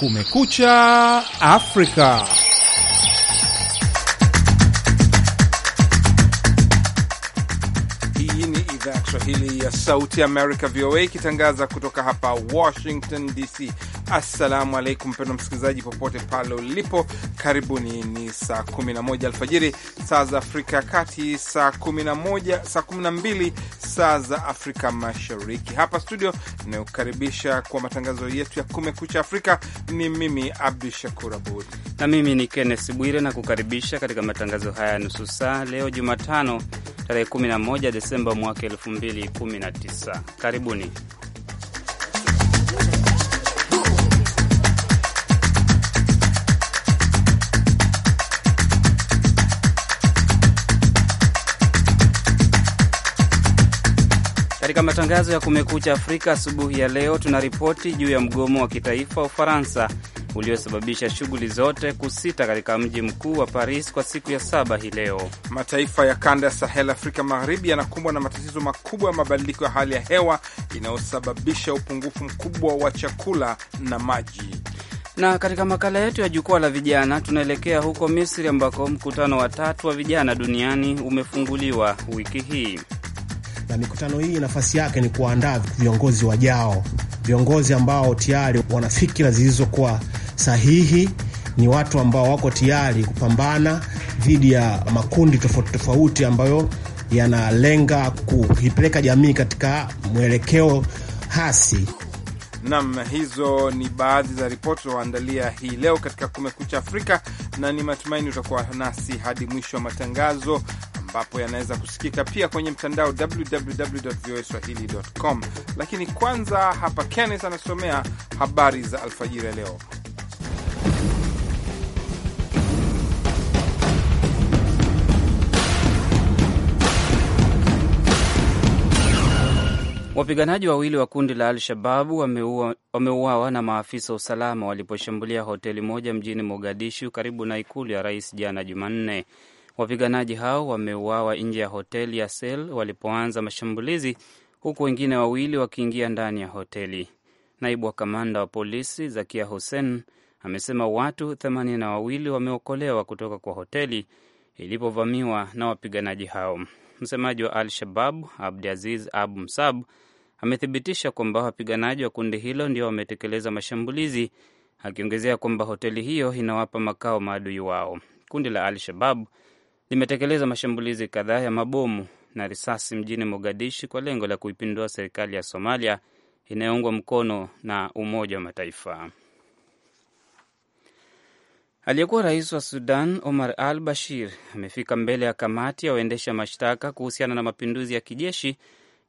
Kumekucha Afrika. Hii ni idhaa ya Kiswahili ya Sauti Amerika, VOA, ikitangaza kutoka hapa Washington DC. Assalamu alaikum mpendwa msikilizaji, popote pale ulipo, karibuni. Ni saa 11 alfajiri saa za Afrika ya Kati, saa 11, saa 12 saa za Afrika Mashariki. Hapa studio inayokaribisha kwa matangazo yetu ya Kumekucha Afrika ni mimi Abdu Shakur Abud na mimi ni Kennes Bwire na kukaribisha katika matangazo haya ya nusu saa leo Jumatano tarehe 11 Desemba mwaka 2019. Karibuni. Katika matangazo ya Kumekucha Afrika asubuhi ya leo, tuna ripoti juu ya mgomo wa kitaifa Ufaransa uliosababisha shughuli zote kusita katika mji mkuu wa Paris kwa siku ya saba hii leo. Mataifa ya kanda ya Sahel Afrika Magharibi yanakumbwa na matatizo makubwa ya mabadiliko ya hali ya hewa inayosababisha upungufu mkubwa wa chakula na maji. Na katika makala yetu ya jukwaa la vijana tunaelekea huko Misri ambako mkutano wa tatu wa vijana duniani umefunguliwa wiki hii na mikutano hii nafasi yake ni kuandaa viongozi wajao, viongozi ambao tayari wana fikira zilizokuwa sahihi, ni watu ambao wako tayari kupambana dhidi ya makundi tofauti tofauti ambayo yanalenga kuipeleka jamii katika mwelekeo hasi. Nam, hizo ni baadhi za ripoti tunaoandalia hii leo katika Kumekucha Afrika, na ni matumaini utakuwa nasi hadi mwisho wa matangazo ambapo yanaweza kusikika pia kwenye mtandao www.voaswahili.com. Lakini kwanza hapa Kenneth anasomea habari za alfajiri ya leo. Wapiganaji wawili wa kundi la Al-Shababu wameuawa na maafisa wa usalama waliposhambulia hoteli moja mjini Mogadishu karibu na ikulu ya rais jana Jumanne. Wapiganaji hao wameuawa nje ya hoteli ya Sel walipoanza mashambulizi, huku wengine wawili wakiingia ndani ya hoteli. Naibu wa kamanda wa polisi Zakia Hussein amesema watu themanini na wawili wameokolewa kutoka kwa hoteli ilipovamiwa na wapiganaji hao. Msemaji wa Al Shabab Abdiaziz Abu Msab amethibitisha kwamba wapiganaji wa kundi hilo ndio wametekeleza mashambulizi, akiongezea kwamba hoteli hiyo inawapa makao maadui wao. Kundi la Al Shabab limetekeleza mashambulizi kadhaa ya mabomu na risasi mjini Mogadishi kwa lengo la kuipindua serikali ya Somalia inayoungwa mkono na Umoja wa Mataifa. Aliyekuwa rais wa Sudan Omar al Bashir amefika mbele ya kamati ya waendesha mashtaka kuhusiana na mapinduzi ya kijeshi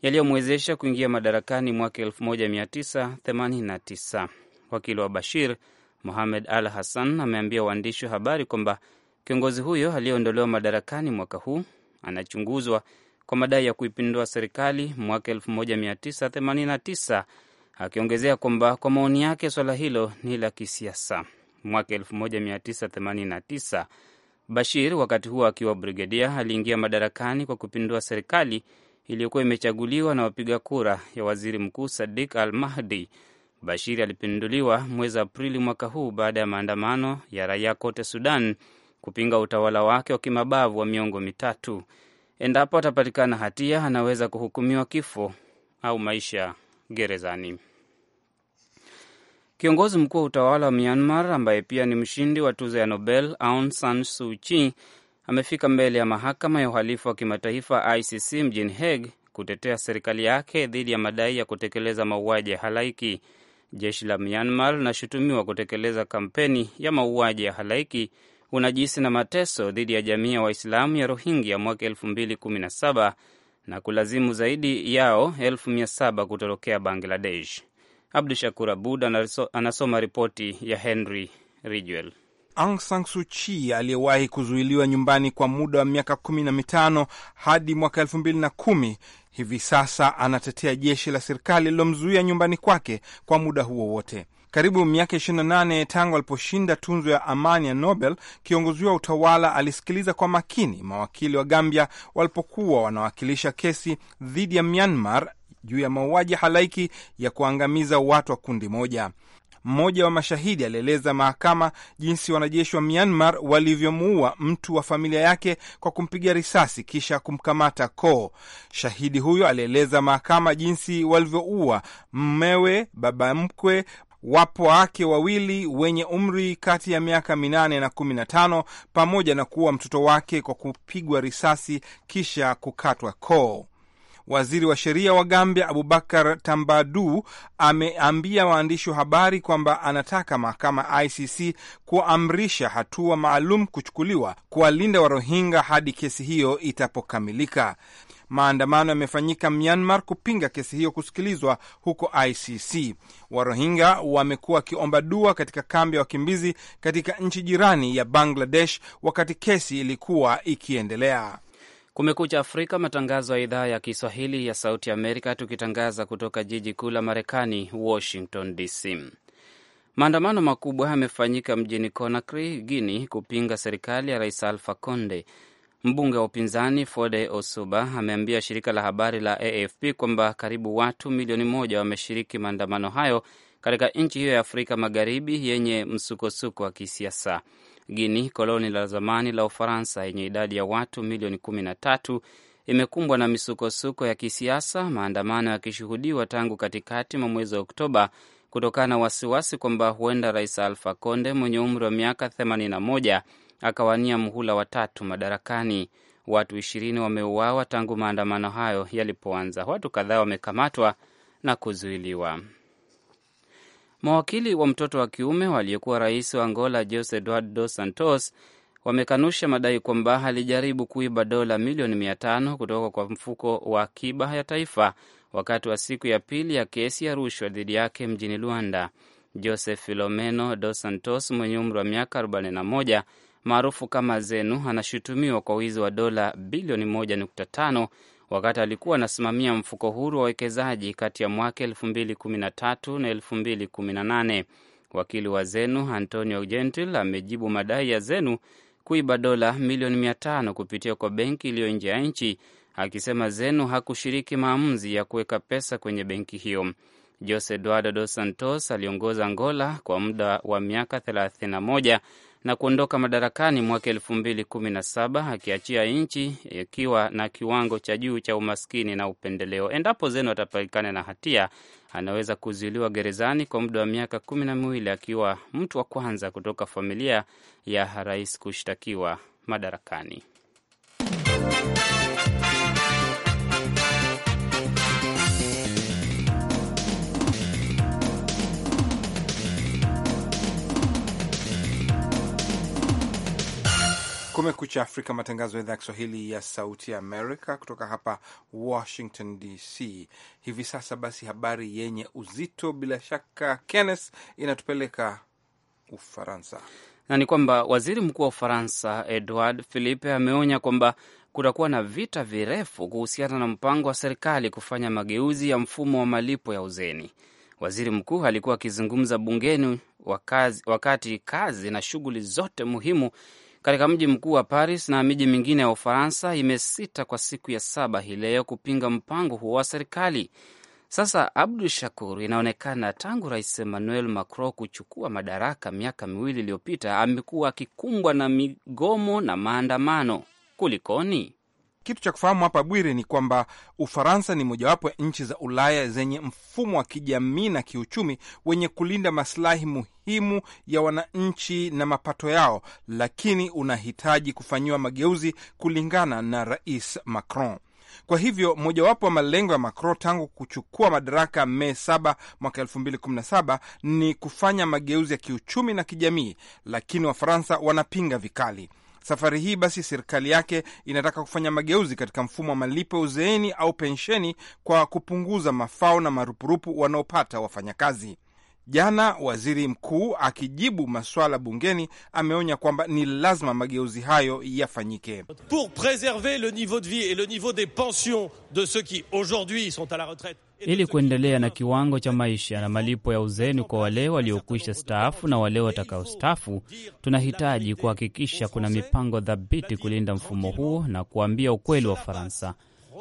yaliyomwezesha kuingia madarakani mwaka 1989. Wakili wa Bashir Mohamed al Hassan ameambia waandishi wa habari kwamba Kiongozi huyo aliyeondolewa madarakani mwaka huu anachunguzwa kwa madai ya kuipindua serikali mwaka 1989 akiongezea kwamba kwa maoni yake swala hilo ni la kisiasa. Mwaka 1989 Bashir, wakati huo akiwa brigedia, aliingia madarakani kwa kupindua serikali iliyokuwa imechaguliwa na wapiga kura ya waziri mkuu Sadik Al Mahdi. Bashir alipinduliwa mwezi Aprili mwaka huu baada ya maandamano ya raia kote Sudan kupinga utawala wake wa kimabavu wa miongo mitatu. Endapo atapatikana hatia, anaweza kuhukumiwa kifo au maisha gerezani. Kiongozi mkuu wa utawala wa Myanmar ambaye pia ni mshindi wa tuzo ya Nobel Aung San Suu Kyi amefika mbele ya mahakama ya uhalifu wa kimataifa ICC mjini Hague kutetea serikali yake dhidi ya madai ya kutekeleza mauaji ya halaiki. Jeshi la Myanmar linashutumiwa kutekeleza kampeni ya mauaji ya halaiki unajisi na mateso dhidi ya jamii ya Waislamu ya Rohingya mwaka 2017 na kulazimu zaidi yao 7 kutorokea Bangladesh. Abdu Shakur Abud anasoma ripoti ya Henry Ridgwell. Aung San Suu Kyi aliyewahi kuzuiliwa nyumbani kwa muda wa miaka kumi na mitano hadi mwaka elfu mbili na kumi hivi sasa anatetea jeshi la serikali lililomzuia nyumbani kwake kwa muda huo wote. Karibu miaka 28 tangu aliposhinda tunzo ya amani ya Nobel, kiongozi wa utawala alisikiliza kwa makini mawakili wa Gambia walipokuwa wanawakilisha kesi dhidi ya Myanmar juu ya mauaji halaiki ya kuangamiza watu wa kundi moja. Mmoja wa mashahidi alieleza mahakama jinsi wanajeshi wa Myanmar walivyomuua mtu wa familia yake kwa kumpiga risasi kisha kumkamata koo. Shahidi huyo alieleza mahakama jinsi walivyoua mmewe, baba mkwe, Wapo wake wawili wenye umri kati ya miaka minane na kumi na tano pamoja na kuua mtoto wake kwa kupigwa risasi kisha kukatwa koo. Waziri wa sheria wa Gambia Abubakar Tambadu ameambia waandishi wa habari kwamba anataka mahakama ICC kuamrisha hatua maalum kuchukuliwa kuwalinda wa rohinga hadi kesi hiyo itapokamilika. Maandamano yamefanyika Myanmar kupinga kesi hiyo kusikilizwa huko ICC. Warohingya wamekuwa wakiomba dua katika kambi ya wakimbizi katika nchi jirani ya Bangladesh wakati kesi ilikuwa ikiendelea. Kumekucha Afrika, matangazo ya idhaa ya Kiswahili ya Sauti Amerika, tukitangaza kutoka jiji kuu la Marekani, Washington DC. Maandamano makubwa yamefanyika mjini Conakry, Guini, kupinga serikali ya Rais Alfa Conde. Mbunge wa upinzani Fode Osuba ameambia shirika la habari la AFP kwamba karibu watu milioni moja wameshiriki maandamano hayo katika nchi hiyo ya Afrika Magharibi yenye msukosuko wa kisiasa. Guini, koloni la zamani la Ufaransa yenye idadi ya watu milioni kumi na tatu, imekumbwa na misukosuko ya kisiasa, maandamano yakishuhudiwa tangu katikati mwa mwezi wa Oktoba kutokana na wasiwasi kwamba huenda Rais Alfa Conde mwenye umri wa miaka 81 akawania mhula watatu madarakani. Watu ishirini wameuawa tangu maandamano hayo yalipoanza. Watu kadhaa wamekamatwa na kuzuiliwa. Mawakili wa mtoto wa kiume waliyekuwa rais wa Angola Jose Eduardo Santos wamekanusha madai kwamba alijaribu kuiba dola milioni mia tano kutoka kwa mfuko wa akiba ya taifa wakati wa siku ya pili ya kesi ya rushwa dhidi yake mjini Luanda. Joseph Filomeno Dos Santos mwenye umri wa miaka 41 maarufu kama Zenu anashutumiwa kwa wizi wa dola bilioni 1.5 wakati alikuwa anasimamia mfuko huru wa wekezaji kati ya mwaka 2013 na 2018. Wakili wa Zenu Antonio Gentil amejibu madai ya Zenu kuiba dola milioni 500 kupitia kwa benki iliyo nje ya nchi, akisema Zenu hakushiriki maamuzi ya kuweka pesa kwenye benki hiyo. Jose Eduardo Dos Santos aliongoza Angola kwa muda wa miaka 31 na kuondoka madarakani mwaka 2017 akiachia nchi ikiwa na kiwango cha juu cha umaskini na upendeleo. Endapo Zeno atapatikana na hatia, anaweza kuzuiliwa gerezani kwa muda wa miaka kumi na miwili akiwa mtu wa kwanza kutoka familia ya rais kushtakiwa madarakani. Kumekucha Afrika, matangazo ya idhaa ya Kiswahili ya Sauti ya Amerika kutoka hapa Washington DC hivi sasa. Basi habari yenye uzito bila shaka, Kenneth, inatupeleka Ufaransa na ni kwamba waziri mkuu wa Ufaransa Edward Philippe ameonya kwamba kutakuwa na vita virefu kuhusiana na mpango wa serikali kufanya mageuzi ya mfumo wa malipo ya uzeni. Waziri mkuu alikuwa akizungumza bungeni wakati kazi na shughuli zote muhimu katika mji mkuu wa Paris na miji mingine ya Ufaransa imesita kwa siku ya saba hii leo kupinga mpango huo wa serikali. Sasa Abdu Shakur, inaonekana tangu Rais Emmanuel Macron kuchukua madaraka miaka miwili iliyopita amekuwa akikumbwa na migomo na maandamano. Kulikoni? Kitu cha kufahamu hapa Bwire ni kwamba Ufaransa ni mojawapo ya nchi za Ulaya zenye mfumo wa kijamii na kiuchumi wenye kulinda masilahi muhimu ya wananchi na mapato yao, lakini unahitaji kufanyiwa mageuzi kulingana na Rais Macron. Kwa hivyo mojawapo wa malengo ya Macron tangu kuchukua madaraka Mei 7 mwaka 2017 ni kufanya mageuzi ya kiuchumi na kijamii, lakini Wafaransa wanapinga vikali. Safari hii basi serikali yake inataka kufanya mageuzi katika mfumo wa malipo ya uzeeni au pensheni kwa kupunguza mafao na marupurupu wanaopata wafanyakazi. Jana waziri mkuu akijibu maswala bungeni ameonya kwamba ni lazima mageuzi hayo yafanyike pour preserver le niveau de vie et le niveau des pensions de ceux qui aujourd'hui sont a la retraite ili kuendelea na kiwango cha maisha na malipo ya uzeni kwa wale waliokwisha staafu na wale watakaostaafu. Tunahitaji kuhakikisha kuna mipango thabiti kulinda mfumo huo na kuambia ukweli wa Faransa.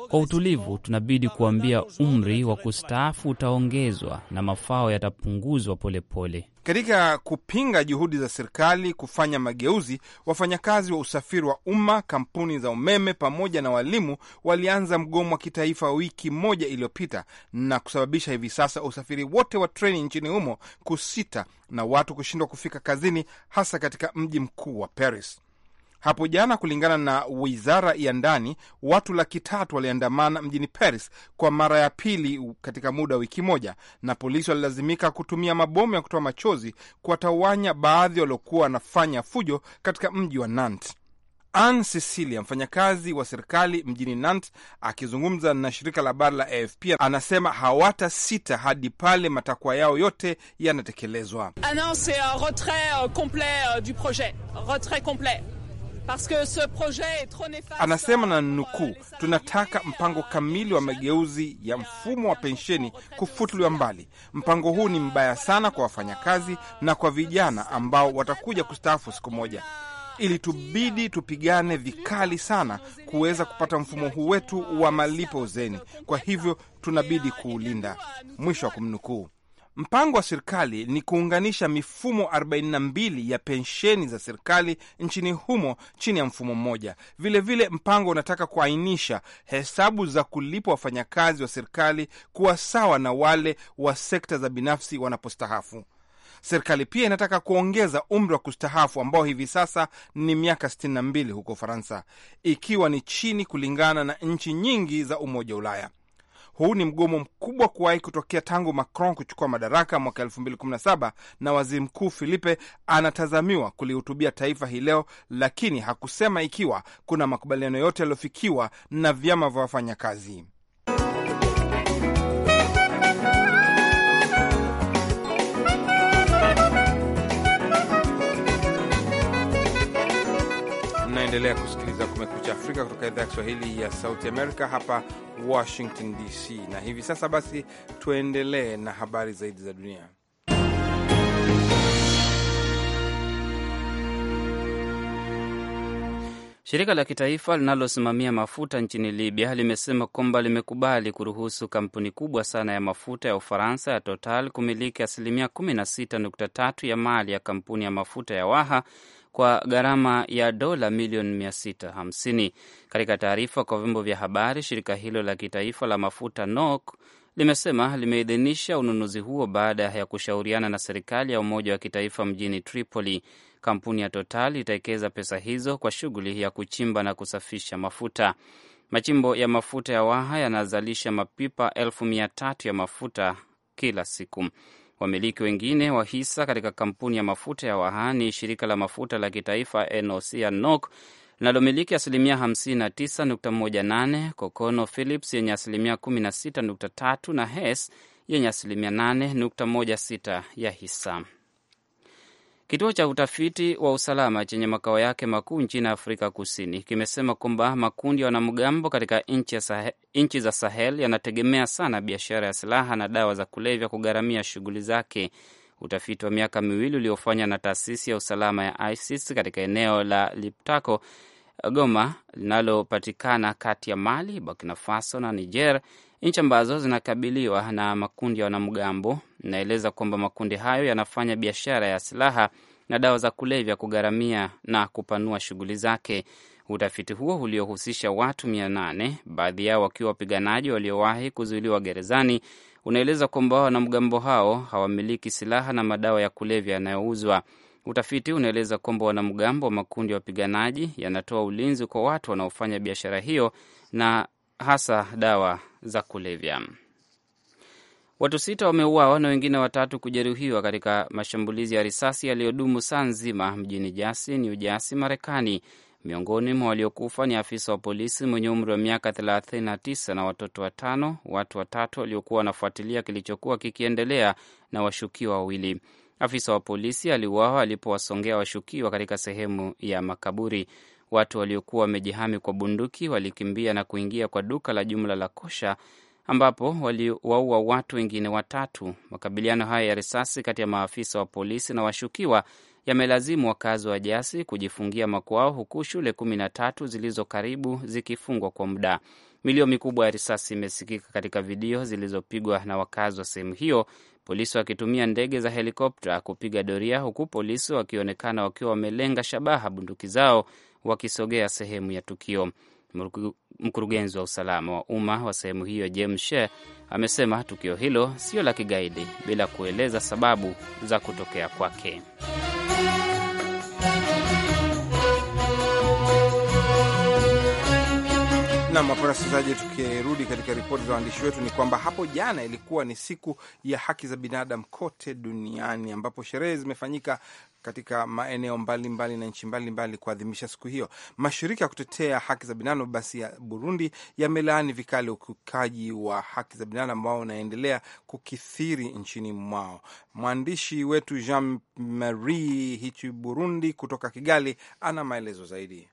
Kwa utulivu, tunabidi kuambia umri wa kustaafu utaongezwa na mafao yatapunguzwa polepole. Katika kupinga juhudi za serikali kufanya mageuzi, wafanyakazi wa usafiri wa umma, kampuni za umeme pamoja na walimu walianza mgomo wa kitaifa wiki moja iliyopita na kusababisha hivi sasa usafiri wote wa treni nchini humo kusita na watu kushindwa kufika kazini, hasa katika mji mkuu wa Paris. Hapo jana, kulingana na wizara ya ndani, watu laki tatu waliandamana mjini Paris kwa mara ya pili katika muda wa wiki moja, na polisi walilazimika kutumia mabomu ya kutoa machozi kuwatawanya baadhi waliokuwa wanafanya fujo katika mji wa Nantes. Ann Cecilia, mfanyakazi wa serikali mjini Nantes, akizungumza na shirika la habari la AFP, anasema hawata sita hadi pale matakwa yao yote yanatekelezwa. Ah, non, c'est un retrait euh, complet euh, du projet, retrait complet Anasema na nukuu, tunataka mpango kamili wa mageuzi ya mfumo wa pensheni kufutuliwa mbali. Mpango huu ni mbaya sana kwa wafanyakazi na kwa vijana ambao watakuja kustaafu siku moja. Ilitubidi tupigane vikali sana kuweza kupata mfumo huu wetu wa malipo uzeni, kwa hivyo tunabidi kuulinda. Mwisho wa kumnukuu. Mpango wa serikali ni kuunganisha mifumo 42 ya pensheni za serikali nchini humo chini ya mfumo mmoja. Vilevile mpango unataka kuainisha hesabu za kulipwa wafanyakazi wa serikali kuwa sawa na wale wa sekta za binafsi wanapostahafu. Serikali pia inataka kuongeza umri wa kustahafu ambao hivi sasa ni miaka 62 huko Ufaransa, ikiwa ni chini kulingana na nchi nyingi za Umoja wa Ulaya. Huu ni mgomo mkubwa kuwahi kutokea tangu Macron kuchukua madaraka mwaka 2017 na waziri mkuu Filipe anatazamiwa kulihutubia taifa hii leo, lakini hakusema ikiwa kuna makubaliano yote yaliyofikiwa na vyama vya wafanyakazi. Unaendelea kusikiliza Kumekucha Afrika kutoka idhaa ya Kiswahili ya Sauti Amerika hapa Washington DC, na hivi sasa basi tuendelee na habari zaidi za dunia. Shirika la kitaifa linalosimamia mafuta nchini Libya limesema kwamba limekubali kuruhusu kampuni kubwa sana ya mafuta ya Ufaransa ya Total kumiliki asilimia 16.3 ya mali ya kampuni ya mafuta ya Waha kwa gharama ya dola milioni 650. Katika taarifa kwa vyombo vya habari, shirika hilo la kitaifa la mafuta NOC limesema limeidhinisha ununuzi huo baada ya kushauriana na serikali ya umoja wa kitaifa mjini Tripoli. Kampuni ya Total itaekeza pesa hizo kwa shughuli ya kuchimba na kusafisha mafuta. Machimbo ya mafuta ya Waha yanazalisha mapipa elfu mia tatu ya mafuta kila siku. Wamiliki wengine wa hisa katika kampuni ya mafuta ya Waha ni shirika la mafuta la kitaifa NOC ya NOC linalomiliki asilimia 59.18, Kokono philips yenye asilimia 16.3 na Hess yenye asilimia 8.16 ya hisa. Kituo cha utafiti wa usalama chenye makao yake makuu nchini Afrika Kusini kimesema kwamba makundi ya wanamgambo katika nchi za Sahel yanategemea sana biashara ya silaha na dawa za kulevya kugharamia shughuli zake. Utafiti wa miaka miwili uliofanywa na taasisi ya usalama ya ISIS katika eneo la Liptako Goma linalopatikana kati ya Mali, Burkina Faso na Niger, nchi ambazo zinakabiliwa na makundi ya wanamgambo. Inaeleza kwamba makundi hayo yanafanya biashara ya silaha na dawa za kulevya kugharamia na kupanua shughuli zake. Utafiti huo uliohusisha watu mia nane, baadhi yao wakiwa wapiganaji waliowahi kuzuiliwa gerezani, unaeleza kwamba wanamgambo hao hawamiliki silaha na madawa ya kulevya yanayouzwa. Utafiti unaeleza kwamba wanamgambo wa makundi ya wapiganaji yanatoa ulinzi kwa watu wanaofanya biashara hiyo na hasa dawa za kulevya. Watu sita wameuawa na wengine watatu kujeruhiwa katika mashambulizi ya risasi yaliyodumu saa nzima mjini jasi New Jasi, Marekani. Miongoni mwa waliokufa ni afisa wa polisi mwenye umri wa miaka 39 na watoto watano, watu watatu waliokuwa wanafuatilia kilichokuwa kikiendelea na washukiwa wawili. Afisa wa polisi aliuawa alipowasongea washukiwa katika sehemu ya makaburi. Watu waliokuwa wamejihami kwa bunduki walikimbia na kuingia kwa duka la jumla la Kosha ambapo waliwaua watu wengine watatu. Makabiliano haya ya risasi kati ya maafisa wa polisi na washukiwa yamelazimu wakazi wa Jasi kujifungia makwao, huku shule kumi na tatu zilizo karibu zikifungwa kwa muda. Milio mikubwa ya risasi imesikika katika video zilizopigwa na wakazi wa sehemu hiyo polisi wakitumia ndege za helikopta kupiga doria, huku polisi wakionekana wakiwa wamelenga shabaha bunduki zao wakisogea sehemu ya tukio. Mkurugenzi wa usalama wa umma wa sehemu hiyo James Shea amesema tukio hilo sio la kigaidi bila kueleza sababu za kutokea kwake. Nam wapenda tukirudi katika ripoti za waandishi wetu ni kwamba hapo jana ilikuwa ni siku ya haki za binadamu kote duniani, ambapo sherehe zimefanyika katika maeneo mbalimbali na nchi mbalimbali kuadhimisha siku hiyo. Mashirika ya kutetea haki za binadamu basi ya Burundi yamelaani vikali ukiukaji wa haki za binadamu ambao unaendelea kukithiri nchini mwao. Mwandishi wetu Jean Marie Hichi Burundi kutoka Kigali ana maelezo zaidi.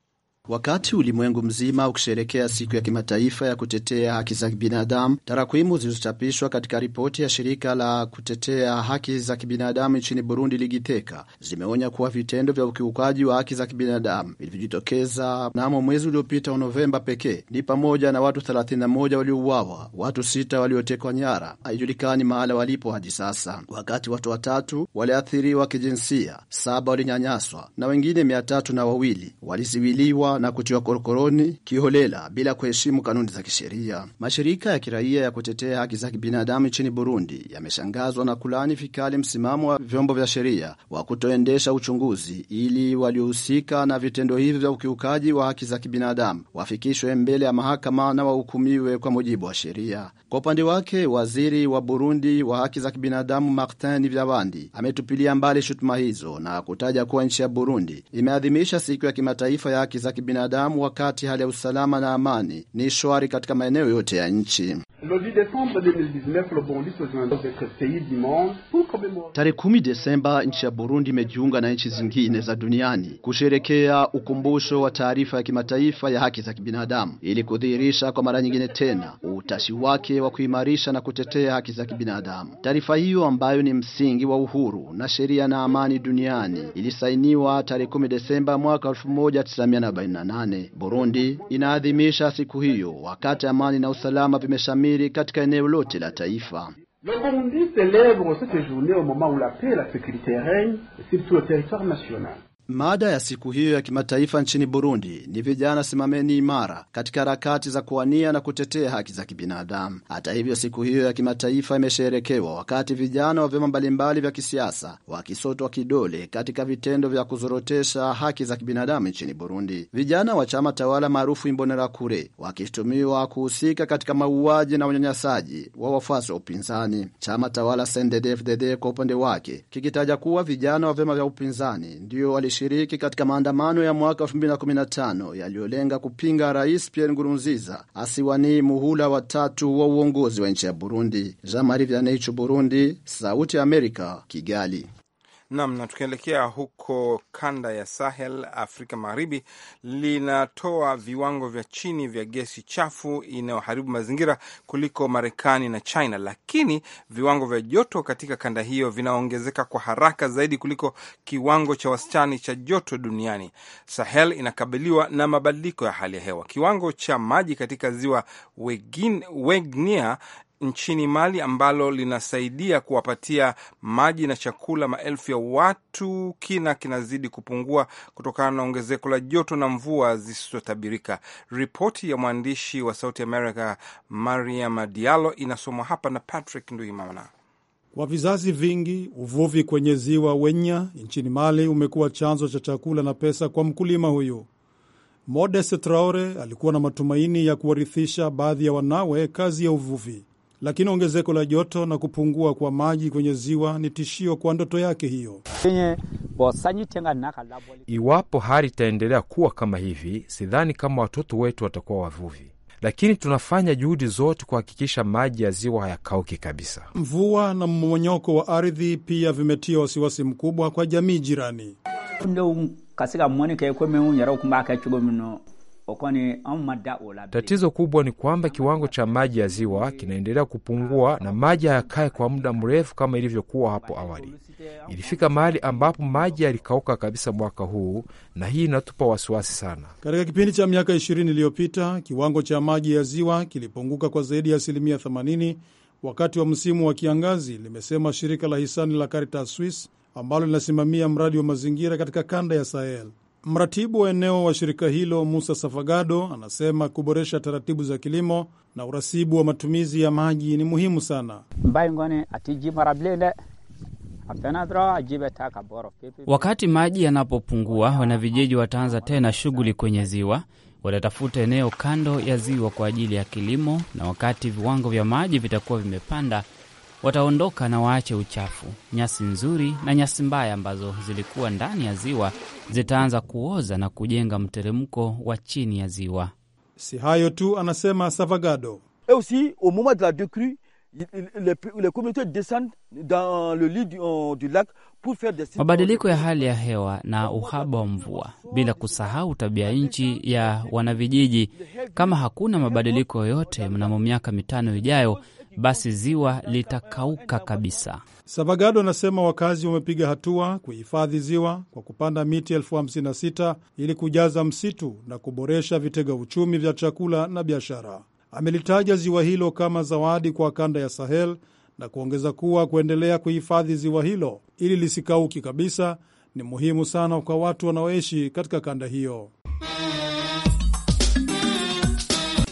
Wakati ulimwengu mzima ukisherekea siku ya kimataifa ya kutetea haki za kibinadamu tarakwimu zilizochapishwa katika ripoti ya shirika la kutetea haki za kibinadamu nchini Burundi, Ligiteka, zimeonya kuwa vitendo vya ukiukaji wa haki za kibinadamu vilivyojitokeza mnamo mwezi uliopita wa Novemba pekee ni pamoja na watu 31 waliouawa, watu sita waliotekwa nyara, haijulikani mahala walipo hadi sasa, wakati watu watatu waliathiriwa kijinsia, saba walinyanyaswa na wengine mia tatu na wawili waliziwiliwa na kutiwa korokoroni kiholela bila kuheshimu kanuni za kisheria. Mashirika ya kiraia ya kutetea haki za kibinadamu nchini Burundi yameshangazwa na kulani vikali msimamo wa vyombo vya sheria wa kutoendesha uchunguzi ili waliohusika na vitendo hivyo vya ukiukaji wa haki za kibinadamu wafikishwe mbele ya mahakama na wahukumiwe kwa mujibu wa sheria. Kwa upande wake, waziri wa Burundi wa haki za kibinadamu Martin Nivyabandi ametupilia mbali shutuma hizo na kutaja kuwa nchi ya Burundi imeadhimisha siku ya kimataifa ya haki za kibinadamu wakati hali ya usalama na amani ni shwari katika maeneo yote ya nchi. Tarehe kumi Desemba, nchi ya Burundi imejiunga na nchi zingine za duniani kusherekea ukumbusho wa taarifa ya kimataifa ya haki za kibinadamu ili kudhihirisha kwa mara nyingine tena utashi wake wa kuimarisha na kutetea haki za kibinadamu. Taarifa hiyo ambayo ni msingi wa uhuru na sheria na amani duniani ilisainiwa tarehe kumi Desemba mwaka 1948. 28 Burundi inaadhimisha siku hiyo wakati amani na usalama vimeshamiri katika eneo lote la taifa. Le Burundi célèbre cette journée au moment où la paix et la sécurité règnent sur tout le territoire national. Mada ya siku hiyo ya kimataifa nchini Burundi ni vijana simameni imara katika harakati za kuwania na kutetea haki za kibinadamu. Hata hivyo, siku hiyo ya kimataifa imesherekewa wakati vijana wa vyama mbalimbali vya kisiasa wakisotwa kidole katika vitendo vya kuzorotesha haki za kibinadamu nchini Burundi. Vijana wa chama tawala maarufu Imbonerakure wakishutumiwa kuhusika katika mauaji na unyanyasaji wa wafuasi wa upinzani. Chama tawala CNDD-FDD kwa upande wake kikitaja kuwa vijana wa vyama vya upinzani ndio wali alishiriki katika maandamano ya mwaka 2015 yaliyolenga kupinga Rais Pierre Nkurunziza asiwanii muhula watatu wa uongozi wa nchi ya Burundi. Jean Marie Vianney, Burundi, Sauti ya Amerika, Kigali. Nam, na tukielekea huko kanda ya Sahel, Afrika Magharibi linatoa viwango vya chini vya gesi chafu inayoharibu mazingira kuliko Marekani na China, lakini viwango vya joto katika kanda hiyo vinaongezeka kwa haraka zaidi kuliko kiwango cha wastani cha joto duniani. Sahel inakabiliwa na mabadiliko ya hali ya hewa. Kiwango cha maji katika ziwa Wegnia nchini Mali ambalo linasaidia kuwapatia maji na chakula maelfu ya watu. Kina kinazidi kupungua kutokana na ongezeko la joto na mvua zisizotabirika. Ripoti ya mwandishi wa Sauti America Mariam Diallo inasomwa hapa na Patrick Nduimana. Kwa vizazi vingi, uvuvi kwenye ziwa Wenya nchini Mali umekuwa chanzo cha chakula na pesa kwa mkulima huyu. Modeste Traore alikuwa na matumaini ya kuwarithisha baadhi ya wanawe kazi ya uvuvi lakini ongezeko la joto na kupungua kwa maji kwenye ziwa ni tishio kwa ndoto yake hiyo. Iwapo hali itaendelea kuwa kama hivi, sidhani kama watoto wetu watakuwa wavuvi, lakini tunafanya juhudi zote kuhakikisha maji ya ziwa hayakauki kabisa. Mvua na mmomonyoko wa ardhi pia vimetia wasiwasi mkubwa kwa jamii jirani. Tatizo kubwa ni kwamba kiwango cha maji ya ziwa kinaendelea kupungua na maji hayakae kwa muda mrefu kama ilivyokuwa hapo awali. Ilifika mahali ambapo maji yalikauka kabisa mwaka huu, na hii inatupa wasiwasi sana. Katika kipindi cha miaka 20 iliyopita, kiwango cha maji ya ziwa kilipunguka kwa zaidi ya asilimia 80 wakati wa msimu wa kiangazi, limesema shirika la hisani la Caritas Swiss ambalo linasimamia mradi wa mazingira katika kanda ya Sahel. Mratibu wa eneo wa shirika hilo Musa Safagado anasema kuboresha taratibu za kilimo na urasibu wa matumizi ya maji ni muhimu sana. Wakati maji yanapopungua, wanavijiji wataanza tena shughuli kwenye ziwa, watatafuta eneo kando ya ziwa kwa ajili ya kilimo, na wakati viwango vya maji vitakuwa vimepanda wataondoka na waache uchafu. Nyasi nzuri na nyasi mbaya ambazo zilikuwa ndani ya ziwa zitaanza kuoza na kujenga mteremko wa chini ya ziwa. Si hayo tu, anasema Savagado. mabadiliko ya hali ya hewa na uhaba wa mvua, bila kusahau tabia nchi ya wanavijiji. Kama hakuna mabadiliko yoyote, mnamo miaka mitano ijayo basi ziwa litakauka kabisa. Savagado anasema wakazi wamepiga hatua kuhifadhi ziwa kwa kupanda miti elfu hamsini na sita ili kujaza msitu na kuboresha vitega uchumi vya chakula na biashara. Amelitaja ziwa hilo kama zawadi kwa kanda ya Sahel na kuongeza kuwa kuendelea kuhifadhi ziwa hilo ili lisikauki kabisa ni muhimu sana kwa watu wanaoishi katika kanda hiyo.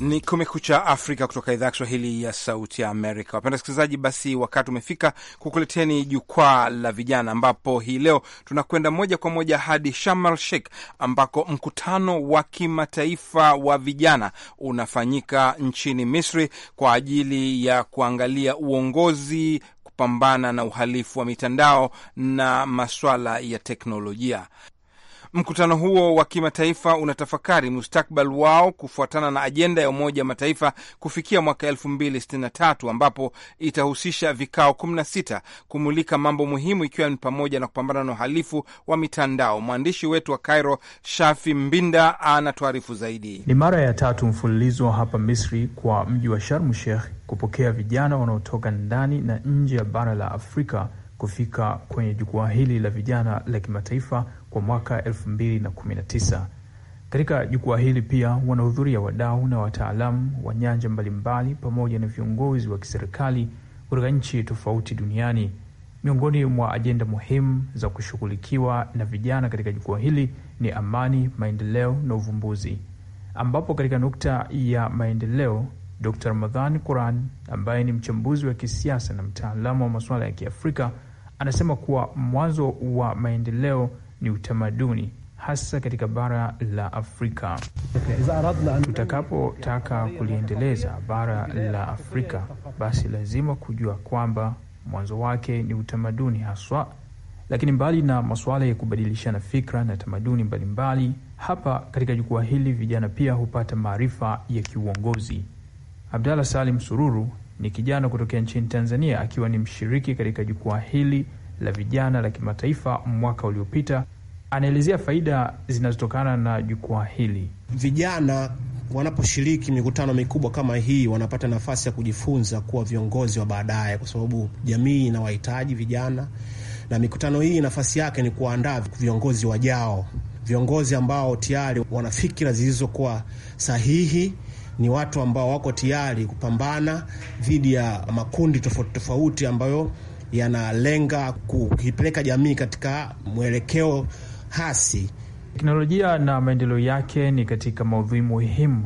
Ni Kumekucha Afrika kutoka idhaa ya Kiswahili ya Sauti ya Amerika. Wapenda sikilizaji, basi wakati umefika kukuleteni Jukwaa la Vijana, ambapo hii leo tunakwenda moja kwa moja hadi shamal Sheikh ambako mkutano wa kimataifa wa vijana unafanyika nchini Misri kwa ajili ya kuangalia uongozi, kupambana na uhalifu wa mitandao na maswala ya teknolojia. Mkutano huo wa kimataifa unatafakari mustakbal wao kufuatana na ajenda ya Umoja wa Mataifa kufikia mwaka 2063 ambapo itahusisha vikao 16 kumulika mambo muhimu ikiwa ni pamoja na kupambana na uhalifu wa mitandao. Mwandishi wetu wa Cairo, Shafi Mbinda, anatuarifu zaidi. Ni mara ya tatu mfululizo hapa Misri kwa mji wa Sharm Sheikh kupokea vijana wanaotoka ndani na nje ya bara la Afrika kufika kwenye jukwaa hili la vijana la kimataifa kwa mwaka 2019. Katika jukwaa hili pia wanahudhuria wadau na wataalamu wa nyanja mbalimbali pamoja na viongozi wa kiserikali kutoka nchi tofauti duniani. Miongoni mwa ajenda muhimu za kushughulikiwa na vijana katika jukwaa hili ni amani, maendeleo na uvumbuzi, ambapo katika nukta ya maendeleo, Dr Ramadhan Quran ambaye ni mchambuzi wa kisiasa na mtaalamu wa masuala ya Kiafrika anasema kuwa mwanzo wa maendeleo ni utamaduni hasa katika bara la Afrika. Tutakapotaka kuliendeleza bara la Afrika, basi lazima kujua kwamba mwanzo wake ni utamaduni haswa. Lakini mbali na masuala ya kubadilishana fikra na tamaduni mbalimbali, hapa katika jukwaa hili vijana pia hupata maarifa ya kiuongozi. Abdallah Salim Sururu ni kijana kutokea nchini Tanzania, akiwa ni mshiriki katika jukwaa hili la vijana la kimataifa mwaka uliopita, anaelezea faida zinazotokana na jukwaa hili. Vijana wanaposhiriki mikutano mikubwa kama hii wanapata nafasi ya kujifunza kuwa viongozi wa baadaye, kwa sababu jamii inawahitaji vijana, na mikutano hii nafasi yake ni kuandaa viongozi wajao, viongozi ambao tayari wana fikira zilizokuwa sahihi ni watu ambao wako tayari kupambana dhidi ya makundi tofauti tofauti ambayo yanalenga kuipeleka jamii katika mwelekeo hasi. Teknolojia na maendeleo yake ni katika maudhui muhimu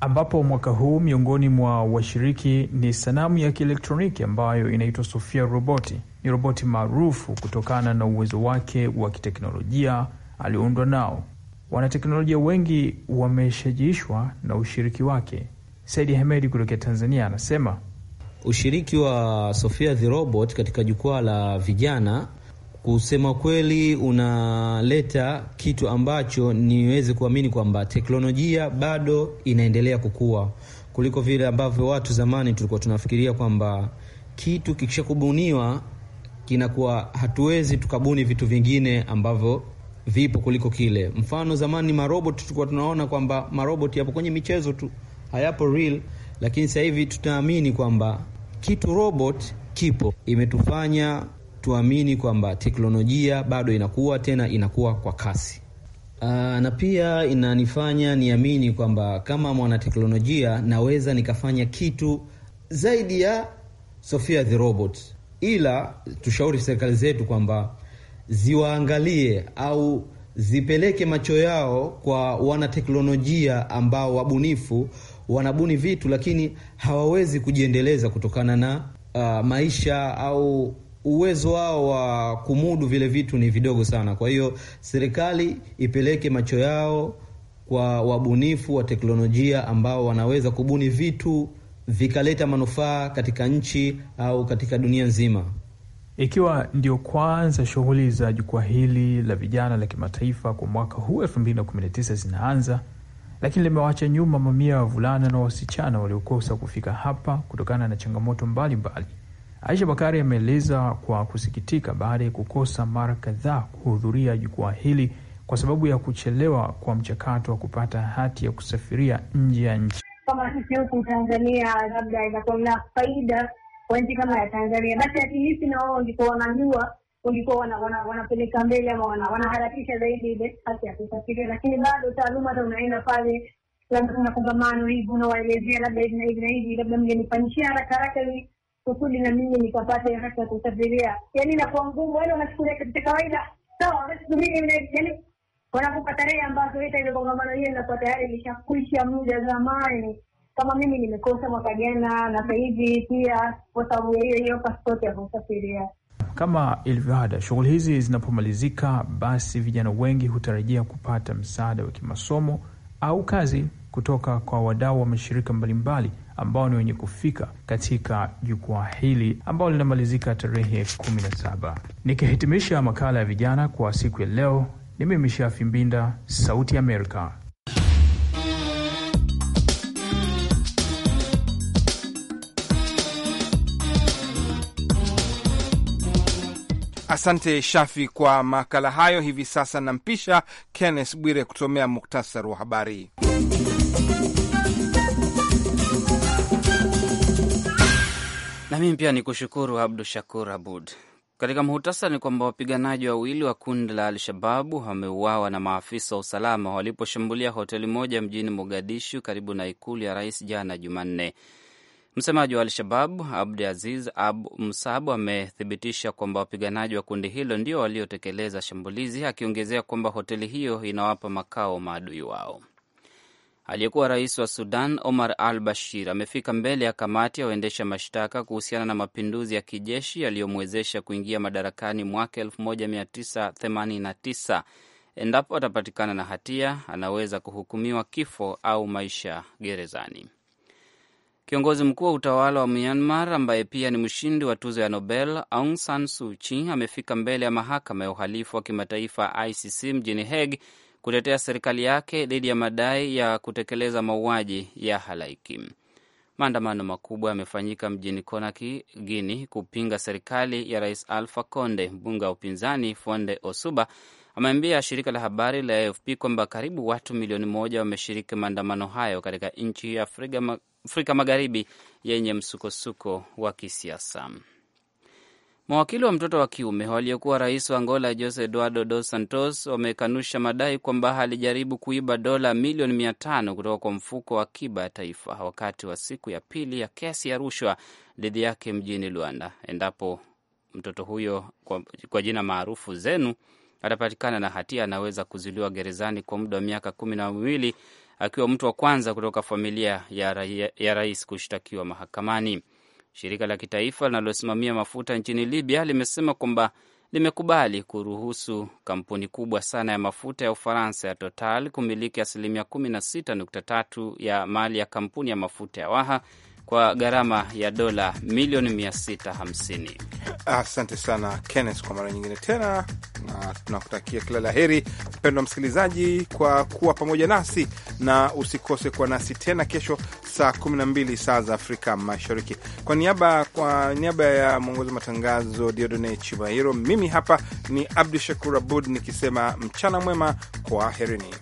ambapo mwaka huu miongoni mwa washiriki ni sanamu ya kielektroniki ambayo inaitwa Sofia roboti. Ni roboti maarufu kutokana na uwezo wake wa kiteknolojia aliyoundwa nao. Wanateknolojia wengi wameshajiishwa na ushiriki wake. Saidi Hamedi kutokea Tanzania anasema ushiriki wa Sofia the Robot katika jukwaa la vijana, kusema kweli, unaleta kitu ambacho niweze kuamini kwamba teknolojia bado inaendelea kukua kuliko vile ambavyo watu zamani tulikuwa tunafikiria kwamba kitu kikisha kubuniwa kinakuwa hatuwezi tukabuni vitu vingine ambavyo vipo kuliko kile. Mfano zamani marobot tulikuwa tunaona kwamba marobot yapo kwenye michezo tu, hayapo real lakini sasa hivi tutaamini kwamba kitu robot kipo. Imetufanya tuamini kwamba teknolojia bado inakuwa tena inakuwa kwa kasi. Aa, ah, na pia inanifanya niamini kwamba kama mwanateknolojia naweza nikafanya kitu zaidi ya Sofia the Robot, ila tushauri serikali zetu kwamba ziwaangalie au zipeleke macho yao kwa wanateknolojia ambao wabunifu wanabuni vitu lakini hawawezi kujiendeleza kutokana na uh, maisha au uwezo wao wa kumudu vile vitu ni vidogo sana. Kwa hiyo serikali ipeleke macho yao kwa wabunifu wa teknolojia ambao wanaweza kubuni vitu vikaleta manufaa katika nchi au katika dunia nzima. Ikiwa ndio kwanza shughuli za jukwaa hili la vijana la kimataifa kwa mwaka huu 219 zinaanza lakini limewacha nyuma mamia ya wavulana na wasichana waliokosa kufika hapa kutokana na changamoto mbalimbali. Aisha Bakari ameeleza kwa kusikitika baada ya kukosa mara kadhaa kuhudhuria jukwaa hili kwa sababu ya kuchelewa kwa mchakato wa kupata hati ya kusafiria nje ya nchi. Kama sisi huku Tanzania labda inakuwa na faida kwa nchi kama ya Tanzania, basi atilisi na wao wanajua kulikuwa wana- wanapeleka mbele ama wana, wanaharakisha zaidi ile haki ya kusafiria, lakini bado taaluma hata unaenda pale, labda kuna kongamano hivi, unawaelezea labda hivi na hivi na hivi, labda mgenifanyishia haraka haraka hivi kusudi na mimi nikapate haki ya kusafiria. Yani inakuwa ngumu, wale yaani wanachukulia kitu kawaida, sawa, basi tumii, yani wanakupa tarehe ambazo hata ile kongamano hiyo inakuwa tayari ilishakwisha muda zamani kama mimi nimekosa mwaka jana na sasa hivi pia kwa sababu ya hiyo hiyo pasipoti ya kusafiria. Kama ilivyo ada, shughuli hizi zinapomalizika, basi vijana wengi hutarajia kupata msaada wa kimasomo au kazi kutoka kwa wadau wa mashirika mbalimbali ambao ni wenye kufika katika jukwaa hili ambalo linamalizika tarehe 17. Nikihitimisha makala ya vijana kwa siku ya leo, ni mimi Shafi Mbinda, Sauti ya Amerika. Asante Shafi kwa makala hayo. Hivi sasa nampisha Kenneth Bwire kutomea muktasari wa habari. Na mimi pia ni kushukuru Abdu Shakur Abud. Katika muhtasari ni kwamba wapiganaji wawili wa kundi la Al-Shababu wameuawa na maafisa wa usalama waliposhambulia hoteli moja mjini Mogadishu karibu na ikulu ya rais jana Jumanne. Msemaji wa Al-Shabab Abdi Aziz ab Msab amethibitisha kwamba wapiganaji wa kundi hilo ndio waliotekeleza shambulizi, akiongezea kwamba hoteli hiyo inawapa makao maadui wao. Aliyekuwa rais wa Sudan Omar al Bashir amefika mbele ya kamati ya waendesha mashtaka kuhusiana na mapinduzi ya kijeshi yaliyomwezesha kuingia madarakani mwaka 1989. Endapo atapatikana na hatia, anaweza kuhukumiwa kifo au maisha gerezani. Kiongozi mkuu wa utawala wa Myanmar ambaye pia ni mshindi wa tuzo ya Nobel Aung San Suu Kyi amefika mbele ya mahakama ya uhalifu wa kimataifa ICC mjini Hague kutetea serikali yake dhidi ya madai ya kutekeleza mauaji ya halaiki. Maandamano makubwa yamefanyika mjini conaki guini kupinga serikali ya Rais Alfa Conde. Mbunge wa upinzani fonde Osuba wameambia shirika la habari la AFP kwamba karibu watu milioni moja wameshiriki maandamano hayo katika nchi ya Afrika, Afrika Magharibi yenye msukosuko wa kisiasa. Mawakili wa mtoto wa kiume waliokuwa rais wa Angola Jose Eduardo Dos Santos wamekanusha madai kwamba alijaribu kuiba dola milioni mia tano kutoka kwa mfuko wa akiba ya taifa wakati wa siku ya pili ya kesi ya rushwa dhidi yake mjini Luanda. Endapo mtoto huyo kwa, kwa jina maarufu Zenu atapatikana na hatia anaweza kuzuiliwa gerezani kwa muda wa miaka kumi na miwili akiwa mtu wa kwanza kutoka familia ya, ra ya rais kushtakiwa mahakamani. Shirika la kitaifa linalosimamia mafuta nchini Libya limesema kwamba limekubali kuruhusu kampuni kubwa sana ya mafuta ya Ufaransa ya Total kumiliki asilimia 16.3 ya mali ya kampuni ya mafuta ya Waha kwa gharama ya dola milioni 650. Asante sana Kenneth, kwa mara nyingine tena, na tunakutakia kila la heri mpendwa msikilizaji, kwa kuwa pamoja nasi, na usikose kuwa nasi tena kesho saa 12 saa za Afrika Mashariki. Kwa niaba kwa niaba ya mwongozi wa matangazo Diodone Chibahiro, mimi hapa ni Abdu Shakur Abud nikisema mchana mwema, kwa herini.